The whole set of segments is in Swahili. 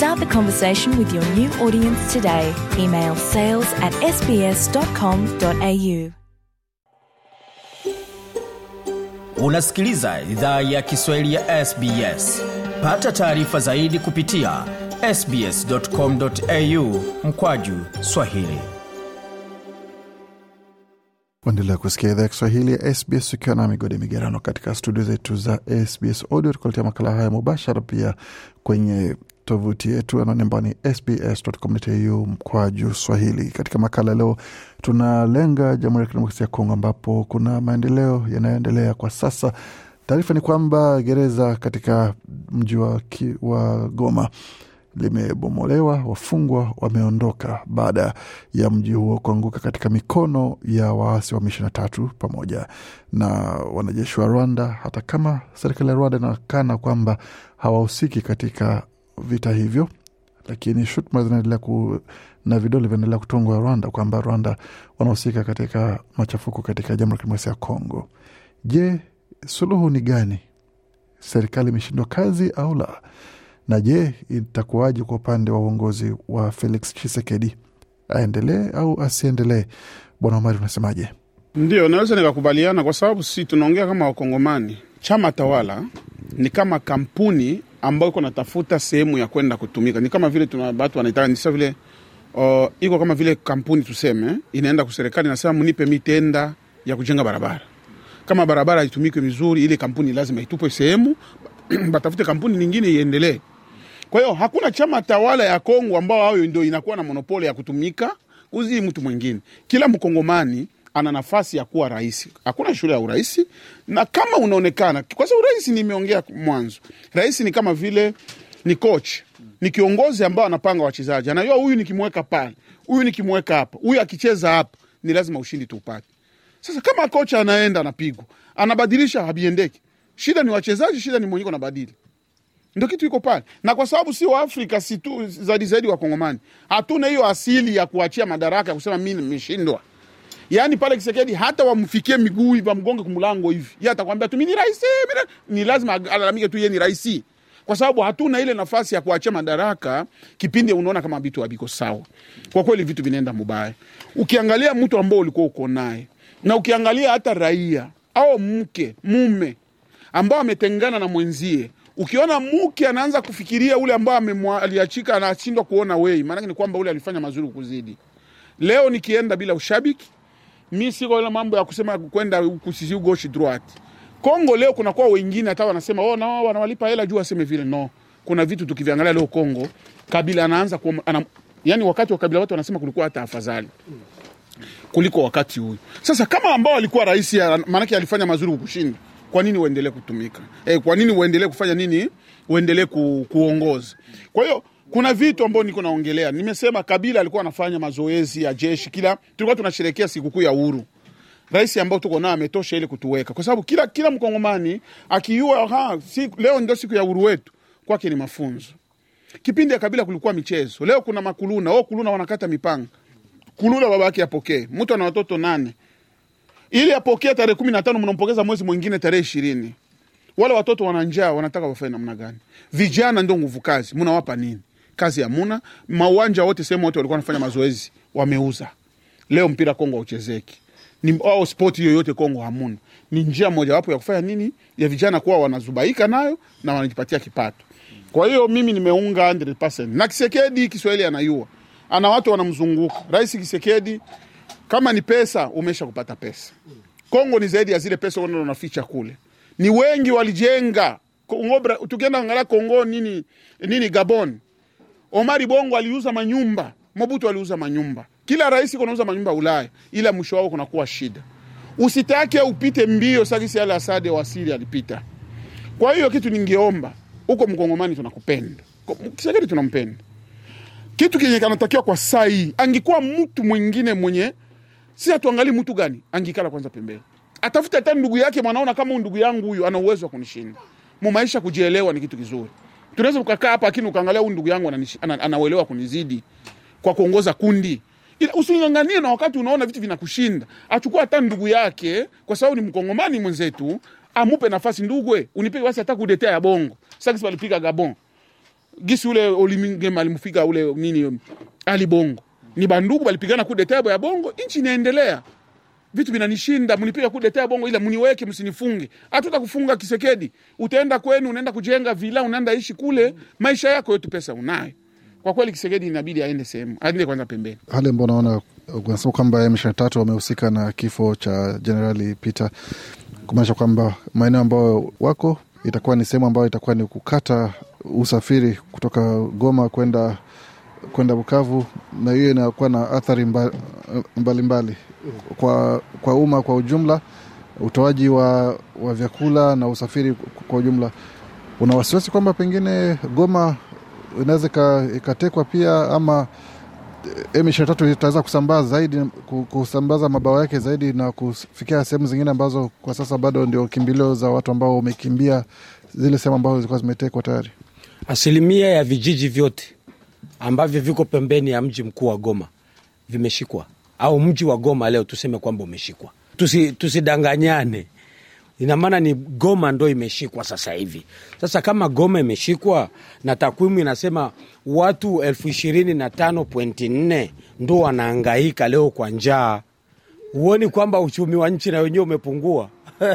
Start the conversation with your new audience today. Email sales at sbs.com.au. Unasikiliza idhaa ya Kiswahili ya SBS. Pata taarifa zaidi kupitia sbs.com.au mkwaju swahili kuendelea kusikia idhaa ya Kiswahili ya SBS ukiwa na migodi migerano katika studio zetu za SBS Audio, tukuletea makala haya mubashara pia kwenye tovuti yetu anaone ambao ni sbs.com.au Swahili. Katika makala leo, tunalenga Jamhuri ya Kidemokrasia ya Kongo ambapo kuna maendeleo yanayoendelea kwa sasa. Taarifa ni kwamba gereza katika mji wa, wa Goma limebomolewa, wafungwa wameondoka baada ya mji huo kuanguka katika mikono ya waasi wa M23 pamoja na wanajeshi wa Rwanda, hata kama serikali ya Rwanda inakana kwamba hawahusiki katika vita hivyo, lakini shutuma zinaendelea ku na vidole vinaendelea kutungwa Rwanda kwamba Rwanda wanahusika katika machafuko katika Jamhuri ya Kidemokrasia ya Kongo. Je, suluhu ni gani? Serikali imeshindwa kazi au la? Na je, itakuwaje kwa upande wa uongozi wa Felix chisekedi Aendelee au asiendelee? Bwana Omari, unasemaje? Ndio, naweza nikakubaliana, kwa sababu si tunaongea kama Wakongomani. Chama tawala ni kama kampuni ambao iko natafuta sehemu ya kwenda kutumika. Ni kama vile tuna watu wanaitaka ni sasa vile uh, iko kama vile kampuni tuseme inaenda kwa serikali nasema mnipe mitenda ya kujenga barabara. Kama barabara itumike vizuri, ile kampuni lazima itupe sehemu batafute kampuni nyingine iendelee. Kwa hiyo hakuna chama tawala ya Kongo ambao hao ndio inakuwa na monopoli ya kutumika kuzi mtu mwingine. Kila mkongomani ana nafasi ya kuwa rais. Hakuna shule ya urais, na kama unaonekana kwa sababu rais, nimeongea mwanzo, rais ni kama vile ni coach, ni kiongozi ambao anapanga wachezaji, anajua huyu nikimweka pale, huyu nikimweka hapa, huyu akicheza hapa, ni lazima ushindi tuupate. Sasa kama kocha anaenda anapigwa, anabadilisha, habiendeki, shida ni wachezaji, shida ni mwenyeko, anabadili ndo kitu iko pale, na kwa sababu si Waafrika si tu zaidi zaidi Wakongomani, hatuna hiyo asili ya kuachia madaraka ya kusema mi nimeshindwa yani pale Kisekedi hata wamfikie miguu hivi wamgonge kumlango hivi, yeye atakwambia tu mimi ni rais, eh, ni lazima alalamike tu yeye ni rais, kwa sababu hatuna ile nafasi ya kuachia madaraka kipindi unaona kama vitu haviko sawa. Kwa kweli vitu vinaenda mubaya. Ukiangalia mtu ambao ulikuwa uko naye na ukiangalia hata raia au mke mume ambao ametengana na mwenzie ukiona mke anaanza kufikiria ule ambao aliachika, anashindwa kuona wei, maanake ni kwamba ule alifanya mazuri kuzidi. Leo nikienda bila ushabiki mi siko ile mambo ya kusema kwenda kusisi gauche droite. Kongo leo kuna kwa wengine hata wanasema oh, no, wanawalipa hela juu aseme vile no. Kuna vitu tukiviangalia leo Kongo, Kabila anaanza kwa anam, yani wakati wa Kabila watu wanasema kulikuwa hata afadhali kuliko wakati huu Sasa kama ambao alikuwa rais, maana yake alifanya mazuri kukushinda, kwa nini uendelee kutumika? Eh, kwa nini uendelee kufanya nini? Uendelee ku, kuongoza. Kwa hiyo kuna vitu ambavyo niko naongelea. Nimesema Kabila alikuwa anafanya mazoezi ya jeshi kila, tulikuwa tunasherekea sikukuu ya uhuru rais ambao tuko naye ametosha ili kutuweka, kwa sababu kila kila mkongomani akijua si, leo ndio siku ya uhuru wetu, kwake ni mafunzo. Kipindi ya Kabila kulikuwa michezo, leo kuna makuluna o, oh, kuluna wanakata mipanga, kuluna baba yake apokee, mtu ana watoto nane, ili apokee tarehe kumi na tano mnampokeza mwezi mwingine tarehe ishirini. Wale watoto wana njaa, wanataka wafanye namna gani? Vijana ndio nguvu kazi, mnawapa nini? kazi hamuna, mauwanja wote, sehemu wote walikuwa wanafanya mazoezi wameuza. Leo mpira Kongo hauchezeki ni au spoti yoyote Kongo hamuna. Ni njia mojawapo ya kufanya nini, ya vijana kuwa wanazubaika nayo na wanajipatia kipato. Kwa hiyo mimi nimeunga 100%. Na Kisekedi Kiswahili anayua, ana watu wanamzunguka. Rais Kisekedi, kama ni pesa, umesha kupata pesa. Kongo ni zaidi ya zile pesa unaficha kule, ni wengi walijenga Kongo. Tukienda angalia Kongo nini nini Gabon Omari Bongo aliuza manyumba, Mobutu aliuza manyumba, kila rais kunauza manyumba Ulaya, ila mwisho wao kunakuwa shida. Usitake upite mbio sagisi ala Asade wa Syria alipita. Kwa hiyo kitu ningeomba huko, mkongomani tunakupenda, Tshisekedi tunampenda. Kitu kenye kanatakiwa kwa saa hii, angekuwa mtu mwingine mwenye si atuangalie mtu gani, angikala kwanza pembeni, atafute hata ndugu yake, mwanaona kama ndugu yangu huyu ana uwezo wa kunishinda mu maisha. Kujielewa ni kitu kizuri tunaweza ukakaa hapa, lakini ukaangalia huyu ndugu yangu anauelewa kunizidi kwa kuongoza kundi using'ang'anie na wakati unaona vitu vinakushinda. Achukua hata ndugu yake, kwa sababu ni mkongomani mwenzetu, amupe nafasi. Ndugwe unipe wasi hata kudetea ya bongo sakisi walipika Gabon gisi ule Olimingem alimfika ule nini Ali Bongo, ni bandugu walipigana kudetea ya bongo, nchi inaendelea vitu vinanishinda, mnipiga kudetea bongo, ila mniweke, msinifunge. Hatuta kufunga Kisekedi, utaenda kwenu, unaenda kujenga vila, unaenda ishi kule maisha yako yote, pesa unayo. Kwa kweli Kisekedi inabidi aende sehemu, aende kwanza pembeni. Hali ambao unaona unasema kwamba M23 wamehusika na kifo cha Jenerali Peter, kumaanisha kwamba maeneo ambayo wako itakuwa ni sehemu ambayo itakuwa ni kukata usafiri kutoka Goma kwenda kwenda Bukavu, na hiyo inakuwa na athari mbalimbali mbali kwa, kwa umma kwa ujumla, utoaji wa, wa vyakula na usafiri kwa ujumla. Una wasiwasi kwamba pengine Goma inaweza ikatekwa pia, ama M23 itaweza kusambaa zaidi, kusambaza mabao yake zaidi na kufikia sehemu zingine ambazo kwa sasa bado ndio kimbilio za watu ambao wamekimbia zile sehemu ambazo zilikuwa zimetekwa tayari. Asilimia ya vijiji vyote ambavyo viko pembeni ya mji mkuu wa Goma vimeshikwa au mji wa Goma leo tuseme kwamba umeshikwa. Tusi, tusidanganyane. Ina maana ni Goma ndo imeshikwa sasa hivi. Sasa kama Goma imeshikwa na takwimu inasema watu elfu ishirini na tano pointi nne ndo wanaangaika leo kwa njaa, huoni kwamba uchumi wa nchi na wenyewe umepungua?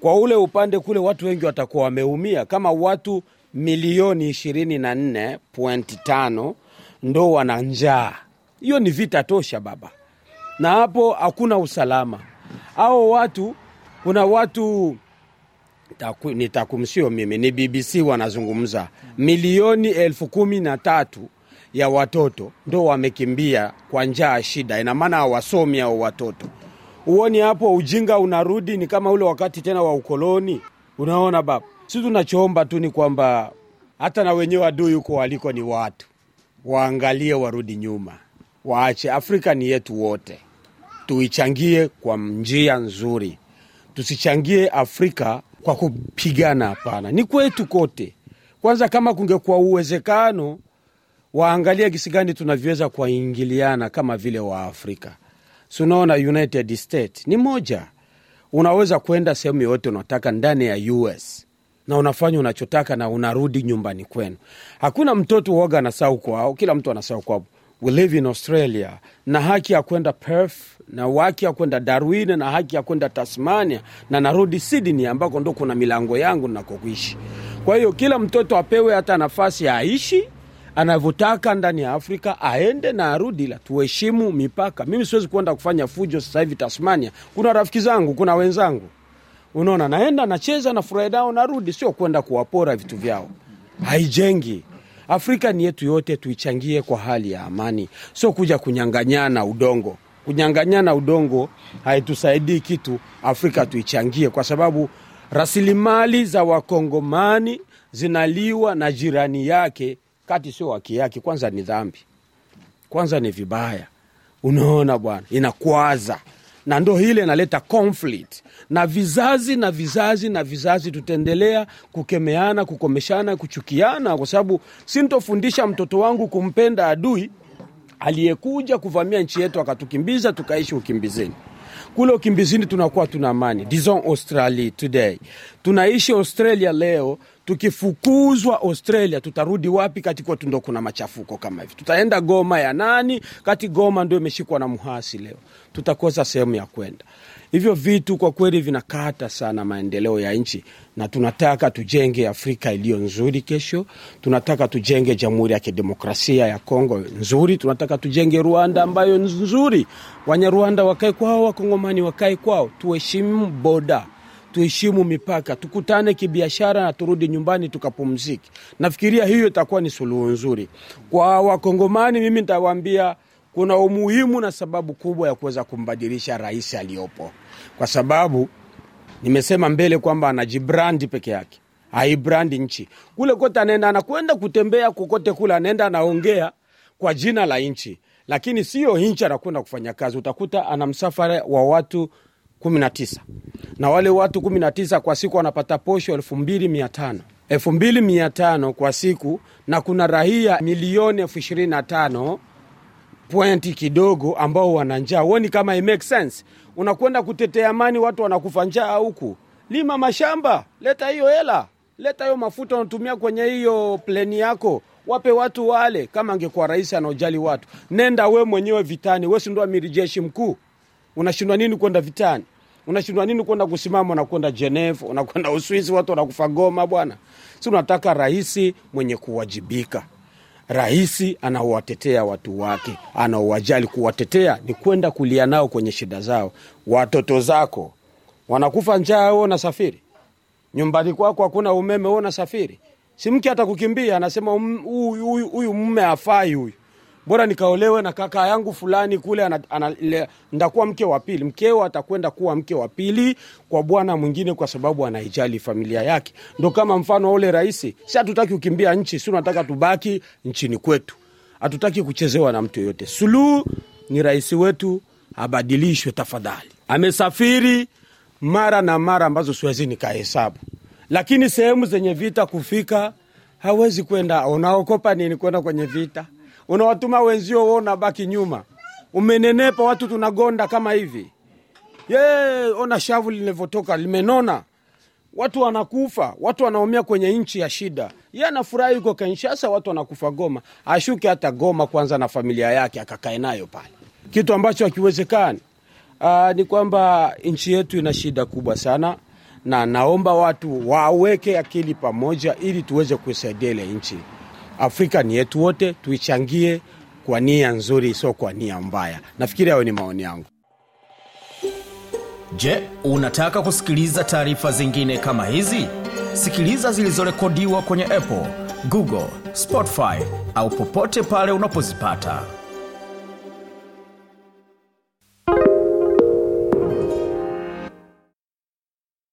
Kwa ule upande kule watu wengi watakuwa wameumia, kama watu milioni 24.5 ndo wana njaa. Hiyo ni vita tosha baba, na hapo hakuna usalama. Hao watu kuna watu taku, ni takumsio mimi, ni BBC wanazungumza, milioni elfu kumi na tatu ya watoto ndo wamekimbia kwa njaa shida. Ina maana hawasomi hao watoto. Huoni hapo ujinga unarudi, ni kama ule wakati tena wa ukoloni. Unaona baba, si tunachoomba tu ni kwamba hata na wenyewe adui huko waliko ni watu waangalie, warudi nyuma, waache. Afrika ni yetu wote, tuichangie kwa njia nzuri, tusichangie Afrika kwa kupigana. Hapana, ni kwetu kote. Kwanza kama kungekuwa uwezekano, waangalie gisi gani tunavyoweza kuwaingiliana kama vile Waafrika. Sunaona United States ni moja unaweza kwenda sehemu yoyote unaotaka ndani ya US na unafanya unachotaka na unarudi nyumbani kwenu. Hakuna mtoto huoga anasahau kwao, kila mtu anasahau kwao. We live in Australia na haki ya kwenda Perth na haki ya kwenda Darwin na haki ya kwenda Tasmania na narudi Sydney ambako ndo kuna milango yangu nakokuishi. Kwa hiyo kila mtoto apewe hata nafasi ya aishi anavyotaka ndani ya Afrika aende na arudi, la tuheshimu mipaka. Mimi siwezi kuenda kufanya fujo sasa hivi Tasmania. Kuna rafiki zangu, kuna wenzangu, unaona, naenda nacheza na furahi nao, narudi, sio kwenda kuwapora vitu vyao, haijengi Afrika ni yetu yote, tuichangie kwa hali ya amani, sio kuja kunyang'anyana udongo. Kunyang'anyana udongo haitusaidii kitu. Afrika tuichangie, kwa sababu rasilimali za wakongomani zinaliwa na jirani yake kati sio haki yake. Kwanza ni dhambi, kwanza ni vibaya. Unaona bwana, inakwaza na ndo hile inaleta conflict na vizazi na vizazi na vizazi, tutaendelea kukemeana, kukomeshana, kuchukiana, kwa sababu sintofundisha mtoto wangu kumpenda adui aliyekuja kuvamia nchi yetu akatukimbiza tukaishi ukimbizini kule ukimbizini tunakuwa tuna amani. Disons Australie today, tunaishi Australia leo, tukifukuzwa Australia tutarudi wapi? Kati kwetu ndo kuna machafuko kama hivi, tutaenda Goma ya nani? Kati Goma ndo imeshikwa na mhasi leo, tutakosa sehemu ya kwenda. Hivyo vitu kwa kweli vinakata sana maendeleo ya nchi, na tunataka tujenge Afrika iliyo nzuri kesho. Tunataka tujenge Jamhuri ya Kidemokrasia ya Kongo nzuri, tunataka tujenge Rwanda ambayo nzuri, Wanyarwanda wakae kwao, Wakongomani wakae kwao, tuheshimu boda tuheshimu mipaka, tukutane kibiashara na turudi nyumbani tukapumzike. Nafikiria hiyo itakuwa ni suluhu nzuri kwa Wakongomani. Mimi nitawaambia kuna umuhimu na sababu kubwa ya kuweza kumbadilisha rais aliyopo, kwa sababu nimesema mbele kwamba anajibrandi peke yake, haibrandi nchi. Kule kote anaenda, anakwenda kutembea kokote kule, anaenda anaongea kwa jina la nchi, lakini siyo nchi anakwenda kufanya kazi. Utakuta ana msafara wa watu kumi na tisa na wale watu kumi na tisa kwa siku wanapata posho elfu mbili mia tano elfu mbili mia tano kwa siku, na kuna rahia milioni elfu ishirini na tano pointi kidogo ambao wana njaa. Huoni kama it makes sense? Unakwenda kutetea amani, watu wanakufa njaa huku. Lima mashamba, leta hiyo hela, leta hiyo mafuta unatumia kwenye hiyo pleni yako wape watu wale. Kama angekuwa rais anaojali watu, nenda we mwenyewe vitani. We si ndo amiri jeshi mkuu, unashindwa nini kwenda vitani? Unashindwa nini kwenda kusimama, unakwenda Geneva, unakwenda Uswisi, watu wanakufa Goma bwana. Si unataka rais mwenye kuwajibika, rais anawatetea watu wake, anawajali. Kuwatetea ni kwenda kulia nao kwenye shida zao. Watoto zako wanakufa njaa, wewe unasafiri. Nyumbani kwako hakuna umeme, wewe unasafiri. Si mke atakukimbia, anasema um, huyu mume afai huyu bora nikaolewe na kaka yangu fulani kule, ndakuwa mke wa pili. Mkeo atakwenda kuwa mke wa pili kwa bwana mwingine, kwa sababu anaijali familia yake. Ndo kama mfano ule rahisi si hatutaki kukimbia nchi, si unataka tubaki nchini kwetu, hatutaki kuchezewa na mtu yoyote. Suluhu ni rais wetu, abadilishwe tafadhali. Amesafiri mara na mara ambazo siwezi nikahesabu, lakini sehemu zenye vita kufika hawezi kwenda. Unaokopa nini kwenda kwenye vita? unawatuma wenzio, wewe baki nyuma, umenenepa. Watu tunagonda kama hivi ye, ona shavu linavyotoka limenona, watu wanakufa, watu wanaumia kwenye nchi ya shida. Ye anafurahi yuko Kinshasa, watu wanakufa Goma, ashuke hata Goma kwanza na familia yake akakae nayo pale, kitu ambacho hakiwezekani. Uh, ni kwamba nchi yetu ina shida kubwa sana, na naomba watu waweke akili pamoja ili tuweze kuisaidia ile nchi. Afrika ni yetu wote, tuichangie kwa nia nzuri, sio kwa nia mbaya. Nafikiri hayo ni maoni yangu. Je, unataka kusikiliza taarifa zingine kama hizi? Sikiliza zilizorekodiwa kwenye Apple, Google, Spotify au popote pale unapozipata.